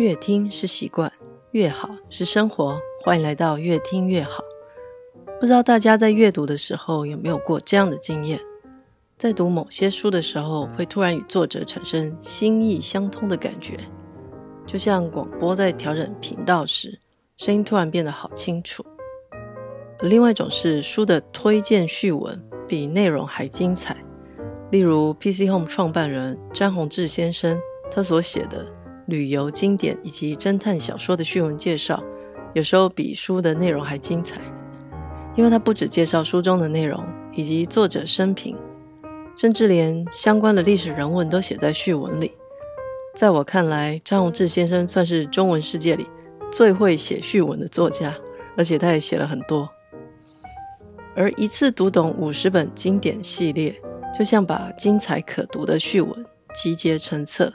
越聽是習慣，越好是生活。歡迎來到越聽越好。不知道大家在閱讀的時候有沒有過這樣的經驗？在讀某些書的時候，會突然與作者產生心意相通的感覺，就像廣播在調整頻道時，聲音突然變得好清楚。而另外一種是書的推薦序文比內容還精彩，例如 PC Home 創辦人詹宏志先生他所寫的。旅遊經典以及偵探小說的序文介紹，有時候比書的內容還精彩，因為它不只介紹書中的內容以及作者生平，甚至連相關的歷史人文都寫在序文裡。在我看來，詹宏志先生算是中文世界裡最會寫序文的作家，而且他也寫了很多。而一次讀懂五十本經典系列，就像把精彩可讀的序文集結成冊。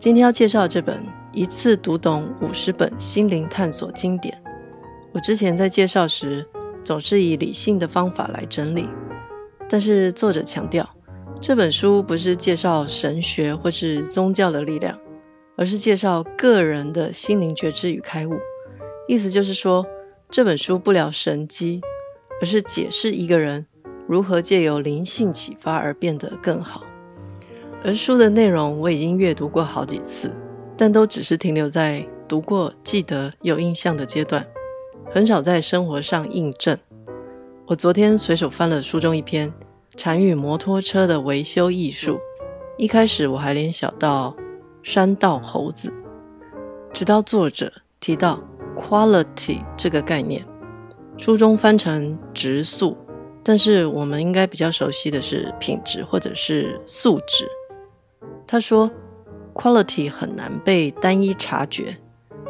今天要介紹這本《一次讀懂五十本心靈探索經典》。我之前在介紹時，總是以理性的方法來整理。但是作者強調，這本書不是介紹神學或是宗教的力量，而是介紹個人的心靈覺知與開悟。意思就是說，這本書不聊神蹟，而是解釋一個人如何借由靈性啟發而變得更好。而書的內容我已經閱讀過好幾次，但都只是停留在讀過、記得有印象的階段，很少在生活上印證。我昨天隨手翻了書中一篇《禪與摩托車的維修藝術》，一開始我還聯想到山道猴子，直到作者提到 “quality” 這個概念，書中翻成“質素”，但是我們應該比較熟悉的是“品質”或者是“素質”。他說，quality 很難被單一察覺，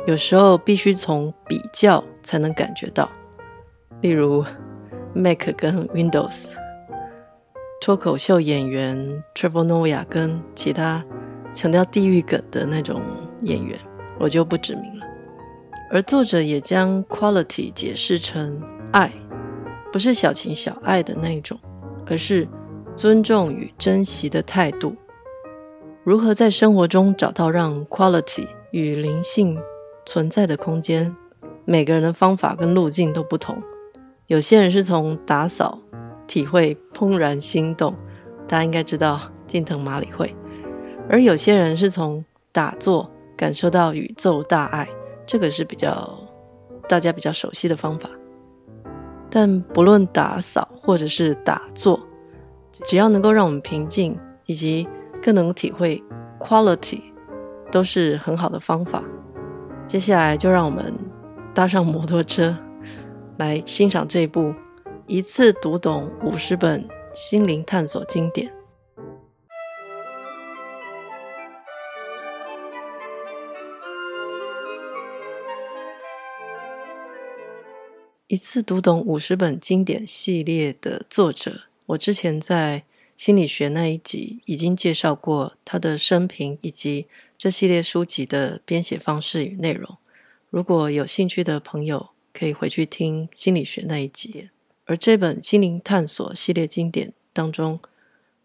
有時候必須從比較才能感覺到。例如，Mac 跟 Windows，脫口秀演員 Trevor Noah 跟其他強調地域梗的那種演員，我就不指名了。而作者也將 quality 解釋成愛，不是小情小愛的那一種，而是尊重與珍惜的態度。如何在生活中找到讓 quality 與靈性存在的空間？每個人的方法跟路徑都不同。有些人是從打掃體會怦然心動，大家應該知道近藤麻理惠；而有些人是從打坐感受到宇宙大愛，這個是比較大家比較熟悉的方法。但不論打掃或者是打坐，只要能夠讓我們平靜以及更能體會 quality 都是很好的方法。接下來就讓我們搭上摩托車，來欣賞這一部《一次讀懂五十本心靈探索經典》。一次讀懂五十本經典系列的作者，我之前在。心理學那一集已經介紹過他的生平以及這系列書籍的編寫方式與內容。如果有興趣的朋友，可以回去聽心理學那一集。而這本《心靈探索》系列經典當中，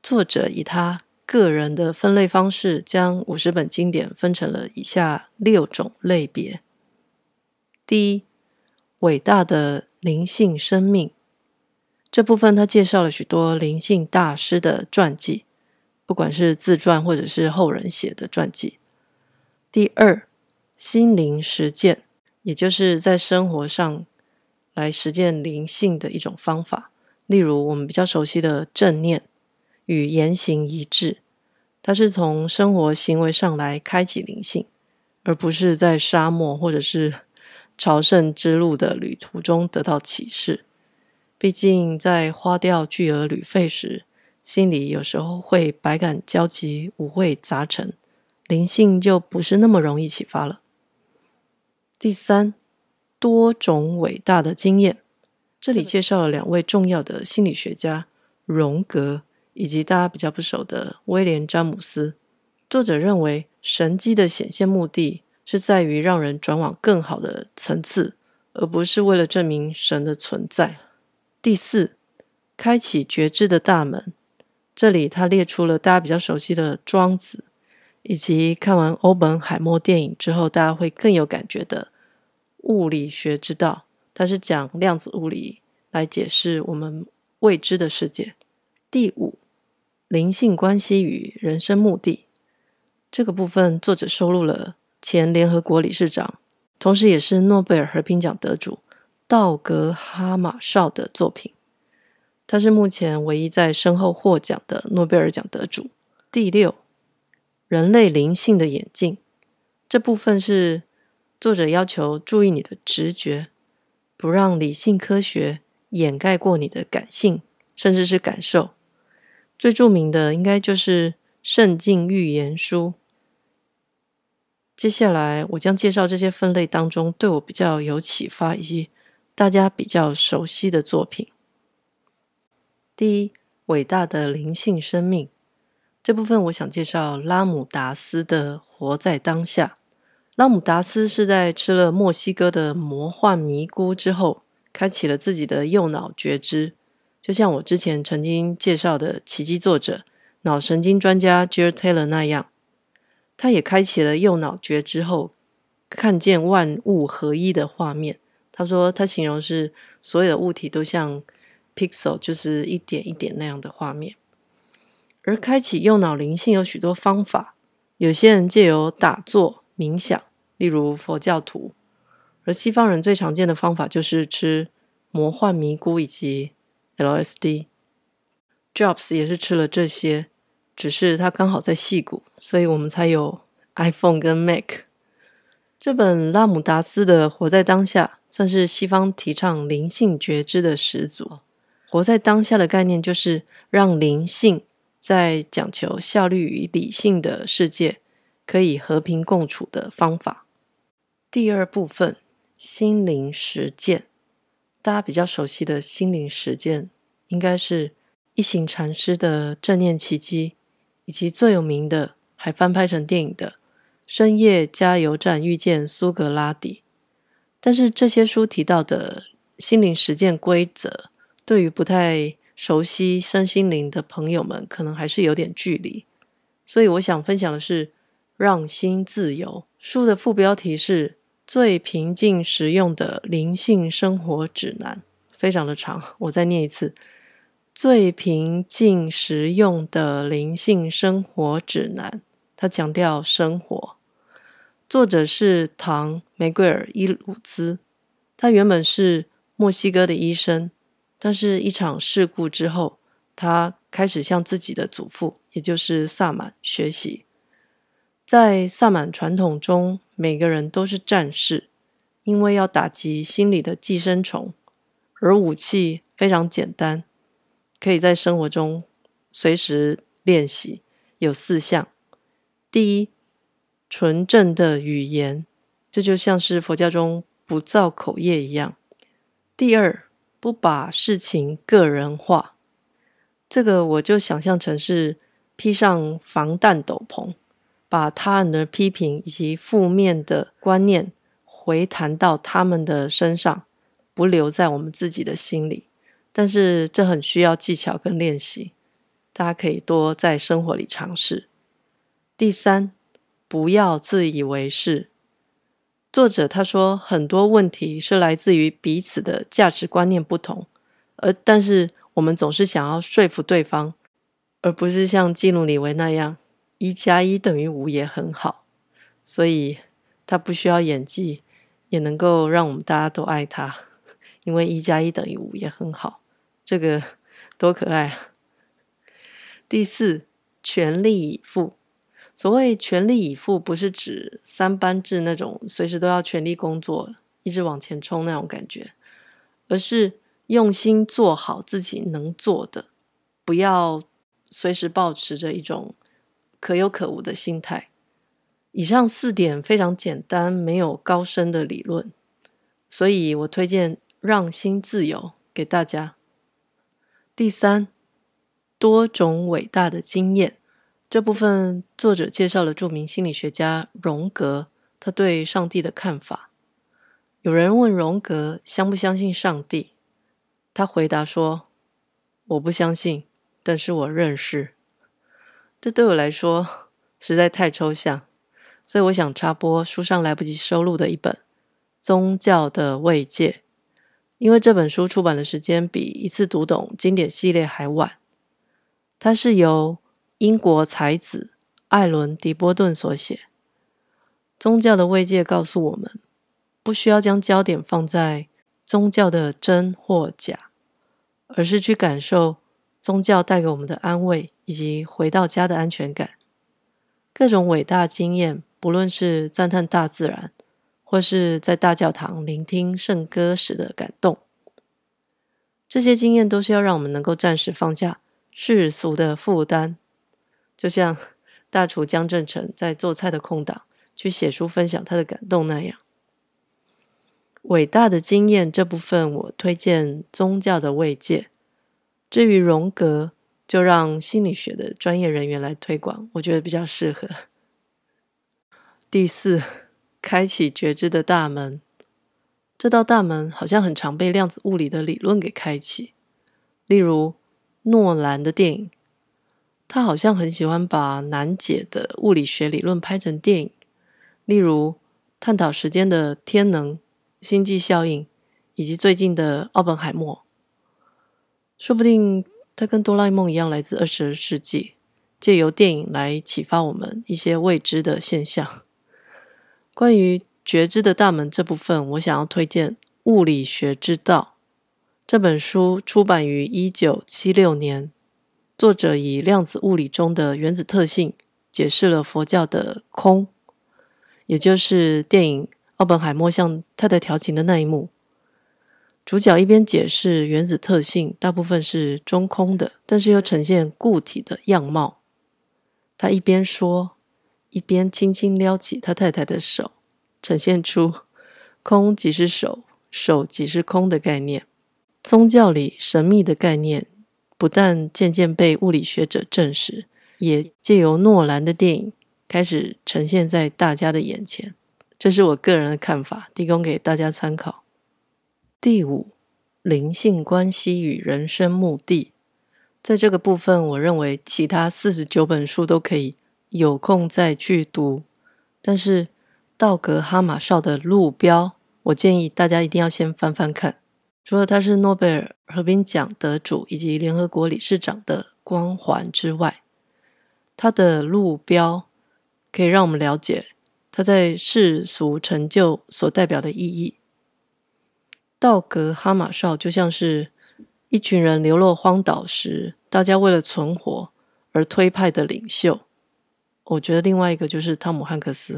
作者以他個人的分類方式，將五十本經典分成了以下六種類別：第一，偉大的靈性生命。這部分他介紹了許多靈性大師的傳記，不管是自傳或者是後人寫的傳記。第二，心靈實踐，也就是在生活上來實踐靈性的一種方法。例如，我們比較熟悉的正念與言行一致，它是從生活行為上來開啟靈性，而不是在沙漠或者是朝聖之路的旅途中得到啟示。畢竟，在花掉巨額旅費時，心裡有時候會百感交集、五味雜陳，靈性就不是那麼容易啟發了。第三，多種偉大的經驗，這裡介紹了兩位重要的心理學家——榮格以及大家比較不熟的威廉·詹姆斯。作者認為，神蹟的顯現目的是在於讓人轉往更好的層次，而不是為了證明神的存在。第四，開啟覺知的大門。這裡他列出了大家比較熟悉的《莊子》，以及看完歐本海默電影之後大家會更有感覺的《物理學之道》，它是講量子物理來解釋我們未知的世界。第五，靈性關係與人生目的。這個部分作者收錄了前聯合國理事長，同時也是諾貝爾和平獎得主。道格·哈馬紹的作品，他是目前唯一在身後獲獎的諾貝爾獎得主。第六，人類靈性的演進，這部分是作者要求注意你的直覺，不讓理性科學掩蓋過你的感性，甚至是感受。最著名的應該就是《聖經·預言書》。接下來，我將介紹這些分類當中對我比較有啟發以及。大家比較熟悉的作品，第一，《偉大的靈性生命》這部分，我想介紹拉姆達斯的《活在當下》。拉姆達斯是在吃了墨西哥的魔幻蘑菇之後，開啟了自己的右腦覺知，就像我之前曾經介紹的奇蹟作者、腦神經專家吉兒泰勒 Taylor 那樣，他也開啟了右腦覺知後，看見萬物合一的畫面。他說，他形容是所有的物體都像 pixel，就是一點一點那樣的畫面。而開啟右腦靈性有許多方法，有些人借由打坐冥想，例如佛教徒；而西方人最常見的方法就是吃魔幻迷菇以及 LSD。Jobs 也是吃了這些，只是他剛好在矽谷，所以我們才有 iPhone 跟 Mac。這本拉姆達斯的《活在當下》。算是西方提倡靈性覺知的始祖，活在當下的概念，就是讓靈性在講求效率與理性的世界可以和平共處的方法。第二部分，心靈實踐，大家比較熟悉的心靈實踐，應該是一行禪師的正念奇蹟，以及最有名的還翻拍成電影的《深夜加油站遇見蘇格拉底》。但是這些書提到的心靈實踐規則，對於不太熟悉身心靈的朋友們，可能還是有點距離。所以我想分享的是《讓心自由》。書的副標題是“最平靜實用的靈性生活指南”，非常的長。我再念一次：“最平靜實用的靈性生活指南”，它強調生活。作者是唐·梅桂爾·伊魯茲，他原本是墨西哥的醫生，但是一場事故之後，他開始向自己的祖父，也就是薩滿學習。在薩滿傳統中，每個人都是戰士，因為要打擊心裡的寄生蟲，而武器非常簡單，可以在生活中隨時練習。有四項：第一。純正的語言，這就像是佛教中不造口業一樣。第二，不把事情個人化，這個我就想象成是披上防彈斗篷，把他人的批評以及負面的觀念回彈到他們的身上，不留在我們自己的心裡。但是這很需要技巧跟練習，大家可以多在生活裡嘗試。第三，不要自以為是。作者他說，很多問題是來自於彼此的價值觀念不同，而但是我們總是想要說服對方，而不是像基努李維那樣，一加一等於五也很好。所以他不需要演技，也能夠讓我們大家都愛他，因為一加一等於五也很好。這個多可愛啊！第四，全力以赴。所謂全力以赴，不是指三班制那種隨時都要全力工作，一直往前衝那種感覺，而是用心做好自己能做的，不要隨時保持着一種可有可無的心態。以上四點非常簡單，沒有高深的理論，所以我推薦《讓心自由》給大家。第三，多種偉大的經驗。這部分作者介紹了著名心理學家榮格，他對上帝的看法。有人問榮格相不相信上帝，他回答說：“我不相信，但是我認識。”這對我來說實在太抽象，所以我想插播書上來不及收錄的一本《宗教的慰藉》，因為這本書出版的時間比《一次讀懂經典》系列還晚，它是由英國才子艾倫·狄波頓所寫，《宗教的慰藉》告訴我們，不需要將焦點放在宗教的真或假，而是去感受宗教帶給我們的安慰以及回到家的安全感。各種偉大經驗，不論是讚嘆大自然，或是在大教堂聆聽聖歌時的感動，這些經驗都是要讓我們能夠暫時放下世俗的負擔。就像大廚江振誠在做菜的空檔去寫書，分享他的感動那樣。偉大的經驗這部分我推薦宗教的慰藉。至於榮格，就讓心理學的專業人員來推廣，我覺得比較適合。第四，開啟覺知的大門，這道大門好像很常被量子物理的理論給開啟，例如諾蘭的電影。他好像很喜歡把難解的物理學理論拍成電影，例如探討時間的天能、星際效應，以及最近的奧本海默。說不定他跟哆啦 A 夢一樣，來自二十世紀，借由電影來啟發我們一些未知的現象。關於覺知的大門這部分，我想要推薦《物理學之道》這本書，出版於一九七六年。作者以量子物理中的原子特性解釋了佛教的空，也就是電影《奧本海默》向太太調情的那一幕。主角一邊解釋原子特性，大部分是中空的，但是又呈現固體的樣貌。他一邊說，一邊輕輕撩起他太太的手，呈現出“空即是手，手即是空”的概念，宗教裡神秘的概念，不但漸漸被物理學者證實，也借由諾蘭的電影開始呈現在大家的眼前。這是我個人的看法，提供給大家參考。第五，靈性關係與人生目的，在這個部分，我認為其他四十九本書都可以有空再去讀，但是道格哈馬紹的路標，我建議大家一定要先翻翻看。除了他是諾貝爾和平獎得主以及聯合國理事長的光環之外，他的路標可以讓我們了解他在世俗成就所代表的意義。道格·哈馬少就像是一群人流落荒島時，大家為了存活而推派的領袖。我覺得另外一個就是湯姆·漢克斯。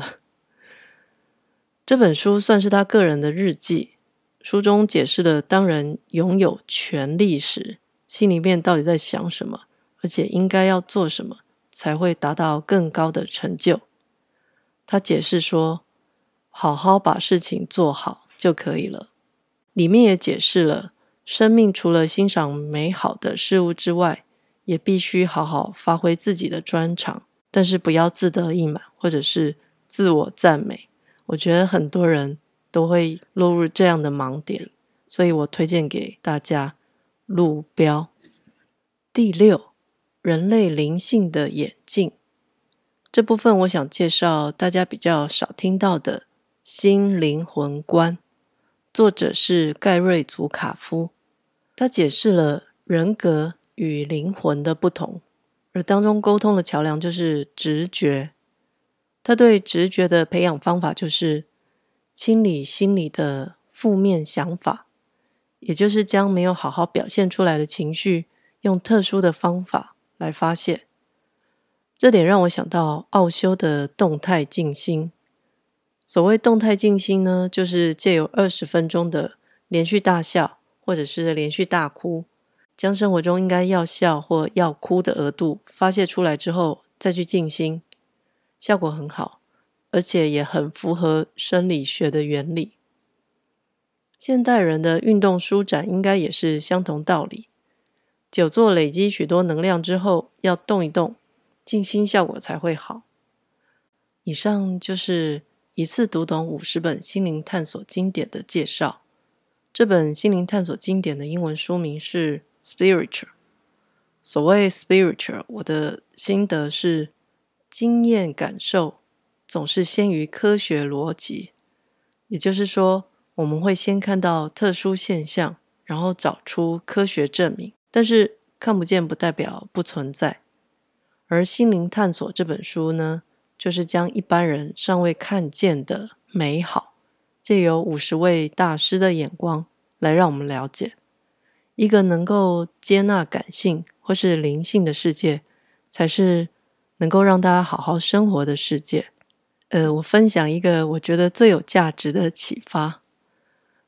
這本書算是他個人的日記。書中解釋了，當人擁有權力時，心裡面到底在想什麼，而且應該要做什麼，才會達到更高的成就。他解釋說：“好好把事情做好就可以了。”裡面也解釋了，生命除了欣賞美好的事物之外，也必須好好發揮自己的專長，但是不要自得意滿或者是自我讚美。我覺得很多人，都會落入這樣的盲點，所以我推薦給大家《路標》第六《人類靈性的演進》這部分，我想介紹大家比較少聽到的新靈魂觀。作者是蓋瑞·祖卡夫，他解釋了人格與靈魂的不同，而當中溝通的橋樑就是直覺。他對直覺的培養方法就是，清理心裡的負面想法，也就是將沒有好好表現出來的情緒，用特殊的方法來發洩。這點讓我想到奧修的動態靜心。所謂動態靜心呢，就是借由二十分鐘的連續大笑，或者是連續大哭，將生活中應該要笑或要哭的額度發洩出來之後，再去靜心，效果很好。而且也很符合生理學的原理。現代人的運動舒展應該也是相同道理。久坐累積許多能量之後，要動一動，靜心效果才會好。以上就是一次讀懂五十本心靈探索經典的介紹。這本心靈探索經典的英文書名是《Spiritual》。所謂《Spiritual》，我的心得是經驗感受。總是先於科學邏輯，也就是說，我們會先看到特殊現象，然後找出科學證明。但是看不見不代表不存在。而《心靈探索》這本書呢，就是將一般人尚未看見的美好，借由五十位大師的眼光來讓我們了解。一個能夠接納感性或是靈性的世界，才是能夠讓大家好好生活的世界。呃，我分享一個我覺得最有價值的啟發。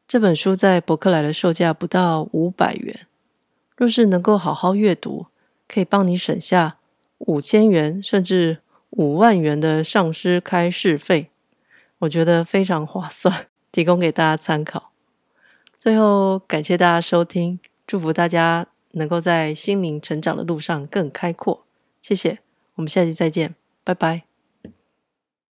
這本書在博客來的售價不到五百元，若是能夠好好閱讀，可以幫你省下五千元甚至五萬元的上師開示費，我覺得非常划算，提供給大家參考。最後，感謝大家收聽，祝福大家能夠在心靈成長的路上更開闊。謝謝，我們下期再見，拜拜。